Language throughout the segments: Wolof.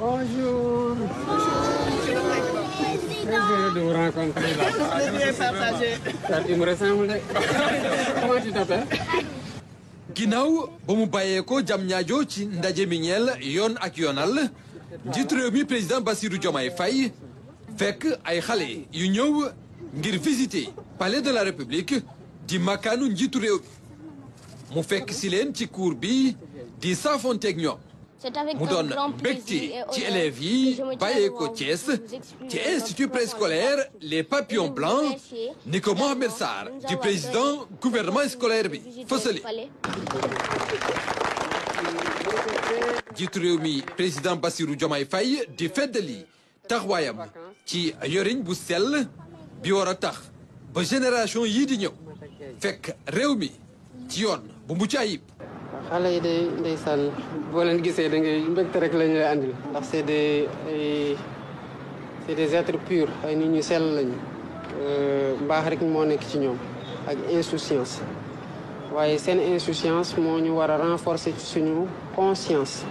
Bonjour. Très heureux ba mu bàyyee jam ñaajo ci ndaje mi yoon ak yoonal njiit réew mi président Bassirou Diomaye Faye fekk ay xale yu ñëw ngir visiter palais de la république di makkaanu njiitu réew bi mu fekk ci leen ci cour bi di saafonteeg ñoom mu doon mbégte ci élèves yi bàyyee ko Thiès ci institut préscolaire les papillons blancs ni ko Mohamed Sarr di président gouvernement scolaire bi fësale jiitu réew mi président Bassirou Diomaye Faye di feddali taxawaayam ci yoriñ bu sel bi war a tax ba génération yii di ñëw fekk réew mi ci yoon bu mucc ayib xale yi de ndeysaan boo leen gisee da ngay mbégte rek la ñu lay andil ndax c'est de ay c'est des êtres purs ay nit ñu sell lañu euh, mbaax rek moo nekk ci ñoom ak insouciance waaye seen insouciance moo ñu war a renforcer suñu conscience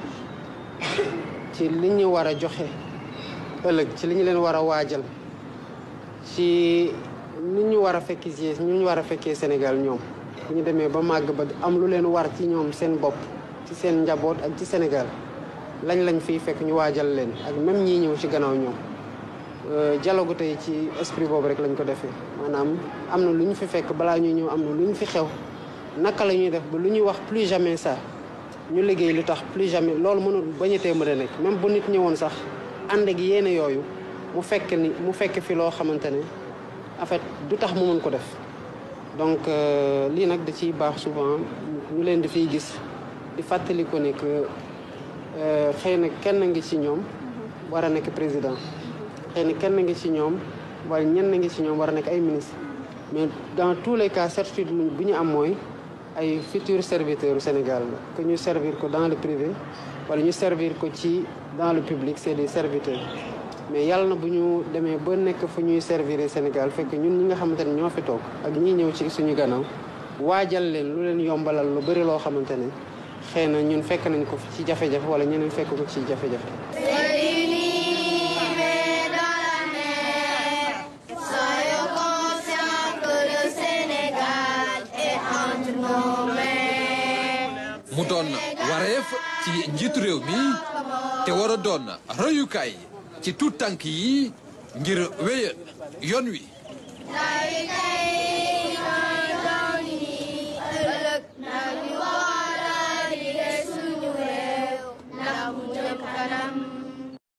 ci li ñu war a joxe ëllëg ci li ñu leen war a waajal ci ni ñu war a fekki ñu war a fekkee Sénégal ñoom bu ñu demee ba màgg ba am lu leen war ci ñoom seen bopp ci seen njaboot ak ci Sénégal lañ lañ fiy fekk ñu waajal leen ak même ñii ñëw ci gannaaw ñoom euh, dialogue tey ci esprit boobu rek lañ ko defee maanaam am na lu ñu fi fekk balaa ñuy ñëw am na lu ñu fi xew naka la ñuy def ba lu ñuy wax plus jamais ça ñu liggéey lu tax plus jamais loolu mënul tee mën a nekk même bu nit ñëwoon sax ànd ak yéene yooyu mu fekk ni mu fekk fi loo xamante ne en fait du tax mu mën ko def donc euh, lii nag da ciy baax souvent ñu leen di fiy gis di fàttaliku ko ne euh, xëy na kenn ngi ci ñoom war a nekk président xëy kenn ngi ci ñoom wala ñenn ngi ci ñoom war a nekk ay ministre mais dans tous les cas certitude bu ñu am mooy ay futurs serviteurs Sénégal la ñu servir ko dans le privé wala ñu servir ko ci dans le publique c'est des serviteurs mais yàlla na bu ñu demee ba nekk fu ñuy servir Sénégal fekk ñun ñi nga xamante ne ñoo fi toog ak ñi ñëw ci suñu gannaaw waajal leen lu leen yombalal lu bëri loo xamante ne xëy na ñun fekk nañ ko ci jafe-jafe wala ñeneen fekk ko ci jafe-jafe. mu doon wareef ci njiitu réew mi te war a doon royukaay ci tuut tànk yi ngir wéya yoon wi